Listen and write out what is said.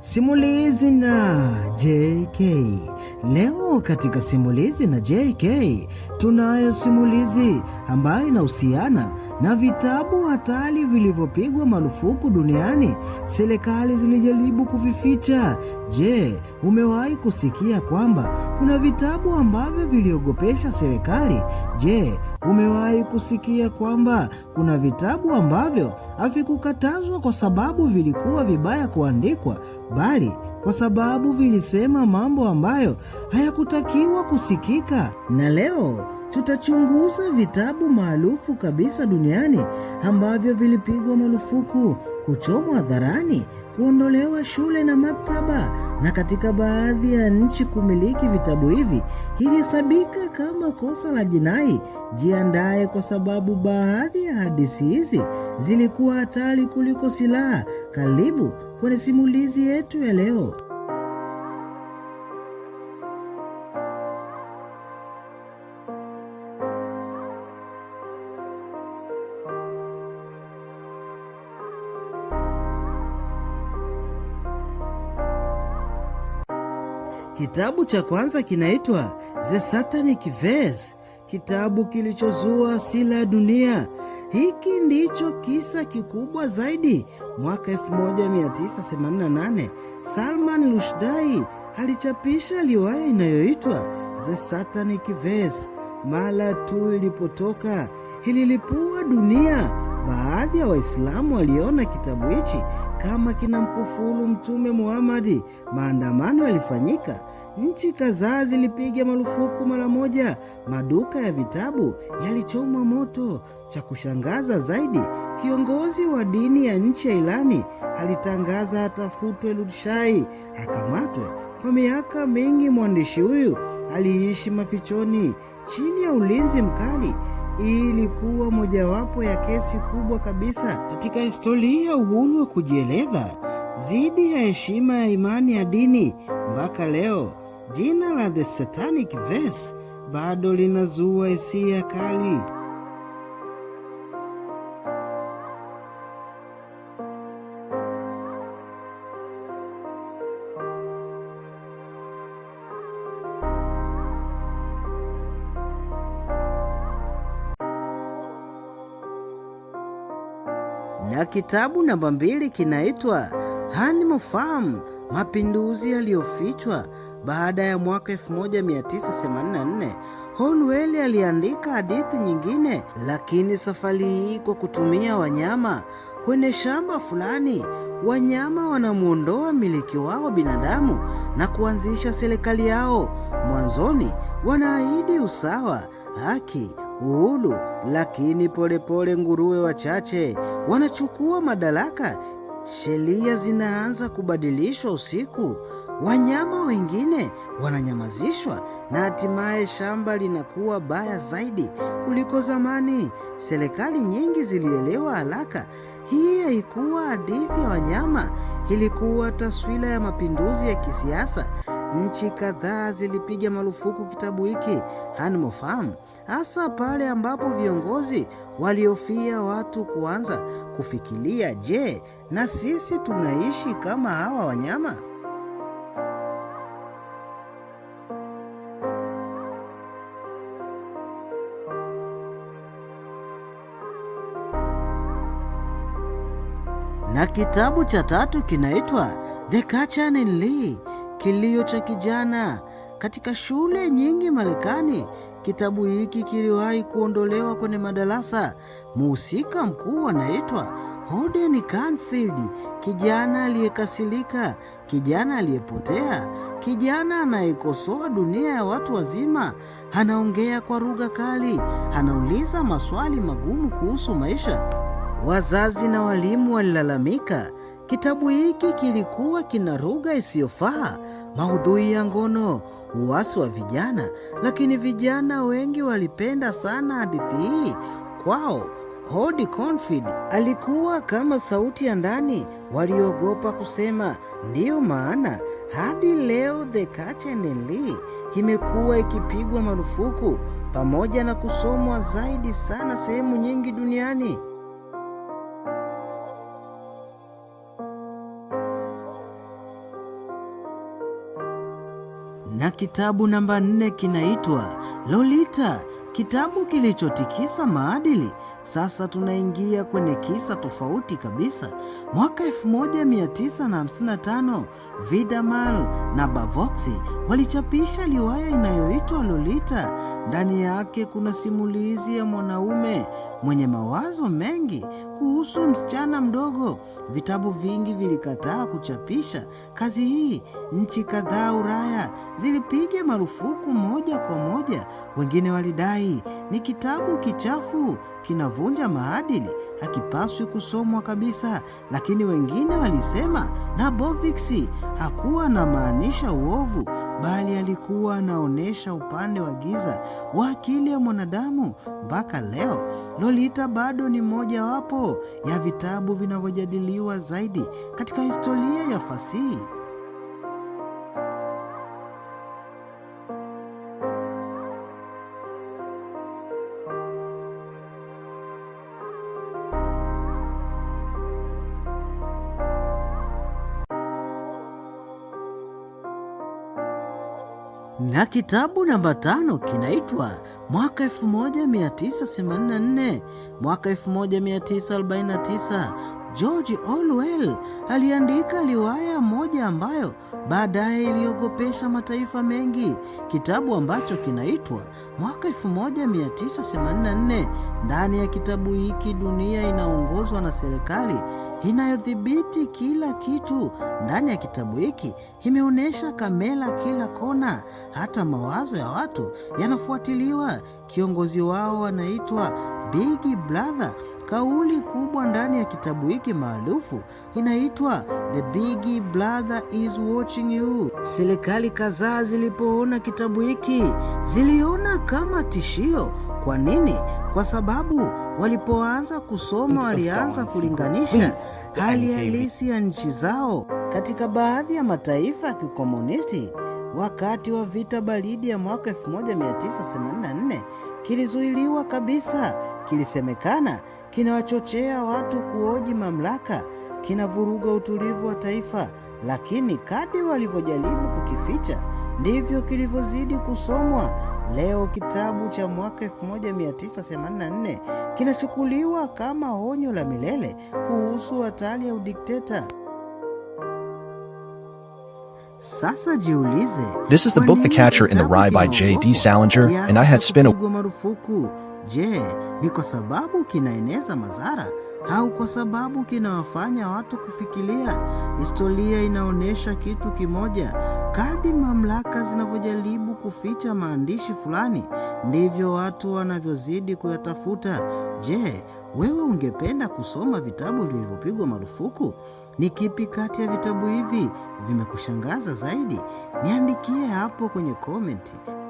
Simulizi na JK. Leo katika simulizi na JK tunayo simulizi ambayo inahusiana na vitabu hatari vilivyopigwa marufuku duniani serikali zilijaribu kuvificha. Je, umewahi kusikia kwamba kuna vitabu ambavyo viliogopesha serikali? Je, umewahi kusikia kwamba kuna vitabu ambavyo havikukatazwa kwa sababu vilikuwa vibaya kuandikwa, bali kwa sababu vilisema mambo ambayo hayakutakiwa kusikika? Na leo tutachunguza vitabu maarufu kabisa duniani ambavyo vilipigwa marufuku, kuchomwa hadharani, kuondolewa shule na maktaba, na katika baadhi ya nchi kumiliki vitabu hivi ilihesabika kama kosa la jinai. Jiandaye, kwa sababu baadhi ya hadithi hizi zilikuwa hatari kuliko silaha. Karibu kwenye simulizi yetu ya leo. Kitabu cha kwanza kinaitwa The Satanic Verse, kitabu kilichozua sila ya dunia. Hiki ndicho kisa kikubwa zaidi. Mwaka 1988 Salman Rushdie alichapisha riwaya inayoitwa The Satanic Verse. Mara tu ilipotoka ililipua dunia Baadhi ya Waislamu waliona kitabu hichi kama kinamkufulu Mtume muhamadi Maandamano yalifanyika, nchi kadhaa zilipiga marufuku mara moja, maduka ya vitabu yalichomwa moto. Cha kushangaza zaidi, kiongozi wa dini ya nchi ya Irani alitangaza atafutwe Lushai, akamatwe. Kwa miaka mingi mwandishi huyu aliishi mafichoni chini ya ulinzi mkali ilikuwa mojawapo ya kesi kubwa kabisa katika historia ya uhuru wa kujieleza dhidi ya heshima ya imani ya dini. Mpaka leo jina la The Satanic Verse bado linazua hisia kali. na kitabu namba mbili kinaitwa Animal Farm, mapinduzi yaliyofichwa. Baada ya mwaka 1984 Holwell aliandika hadithi nyingine, lakini safari hii kwa kutumia wanyama. Kwenye shamba fulani, wanyama wanamwondoa miliki wao binadamu na kuanzisha serikali yao. Mwanzoni wanaahidi usawa, haki uhuru, lakini polepole nguruwe wachache wanachukua madaraka. Sheria zinaanza kubadilishwa usiku, wanyama wengine wananyamazishwa, na hatimaye shamba linakuwa baya zaidi kuliko zamani. Serikali nyingi zilielewa haraka, hii haikuwa hadithi ya wanyama, ilikuwa taswira ya mapinduzi ya kisiasa. Nchi kadhaa zilipiga marufuku kitabu hiki Animal Farm hasa pale ambapo viongozi waliofia watu kuanza kufikiria, je, na sisi tunaishi kama hawa wanyama? na kitabu cha tatu kinaitwa The Catcher kilio cha kijana. Katika shule nyingi Marekani Kitabu hiki kiliwahi kuondolewa kwenye madarasa. Mhusika mkuu anaitwa Holden Caulfield, kijana aliyekasirika, kijana aliyepotea, kijana anayekosoa dunia ya watu wazima. Anaongea kwa lugha kali, anauliza maswali magumu kuhusu maisha. Wazazi na walimu walilalamika, Kitabu hiki kilikuwa kina lugha isiyofaa, maudhui ya ngono, uasi wa vijana, lakini vijana wengi walipenda sana hadithi hii. Kwao Hodi Confid alikuwa kama sauti ya ndani, waliogopa kusema. Ndiyo maana hadi leo The Catcher in the Rye imekuwa ikipigwa marufuku pamoja na kusomwa zaidi sana sehemu nyingi duniani. kitabu namba nne kinaitwa Lolita, kitabu kilichotikisa maadili sasa tunaingia kwenye kisa tofauti kabisa. Mwaka 1955 Vidaman na Bavoksi walichapisha riwaya inayoitwa Lolita. Ndani yake kuna simulizi ya mwanaume mwenye mawazo mengi kuhusu msichana mdogo. Vitabu vingi vilikataa kuchapisha kazi hii. Nchi kadhaa Ulaya zilipiga marufuku moja kwa moja, wengine walidai ni kitabu kichafu kinavunja maadili, hakipaswi kusomwa kabisa. Lakini wengine walisema Naboviksi hakuwa anamaanisha uovu, bali alikuwa anaonyesha upande wa giza wa akili ya mwanadamu. Mpaka leo Lolita bado ni mojawapo ya vitabu vinavyojadiliwa zaidi katika historia ya fasihi. na kitabu namba tano kinaitwa mwaka 1984, mwaka 1949, George Orwell aliandika riwaya moja ambayo baadaye iliogopesha mataifa mengi, kitabu ambacho kinaitwa mwaka 1984. Ndani ya kitabu hiki, dunia inaongozwa na serikali inayodhibiti kila kitu. Ndani ya kitabu hiki imeonyesha kamera kila kona, hata mawazo ya watu yanafuatiliwa. Kiongozi wao anaitwa Big Brother Kauli kubwa ndani ya kitabu hiki maarufu inaitwa The Big Brother is Watching You. Serikali kadhaa zilipoona kitabu hiki ziliona kama tishio. Kwa nini? Kwa sababu walipoanza kusoma walianza kulinganisha hali halisi ya nchi zao. Katika baadhi ya mataifa ya kikomunisti, wakati wa vita baridi ya mwaka 1984 kilizuiliwa kabisa. Kilisemekana kinawachochea watu kuoji mamlaka, kinavuruga utulivu wa taifa. Lakini kadi walivyojaribu kukificha, ndivyo kilivyozidi kusomwa. Leo kitabu cha mwaka 1984 kinachukuliwa kama onyo la milele kuhusu hatari ya udikteta. Sasa jiulize. This is the book The Catcher in the Rye by J.D. Salinger and I had spin a Je, ni kwa sababu kinaeneza madhara au kwa sababu kinawafanya watu kufikiria? Historia inaonyesha kitu kimoja: kadri mamlaka zinavyojaribu kuficha maandishi fulani, ndivyo watu wanavyozidi kuyatafuta. Je, wewe ungependa kusoma vitabu vilivyopigwa marufuku? Ni kipi kati ya vitabu hivi vimekushangaza zaidi? Niandikie hapo kwenye komenti.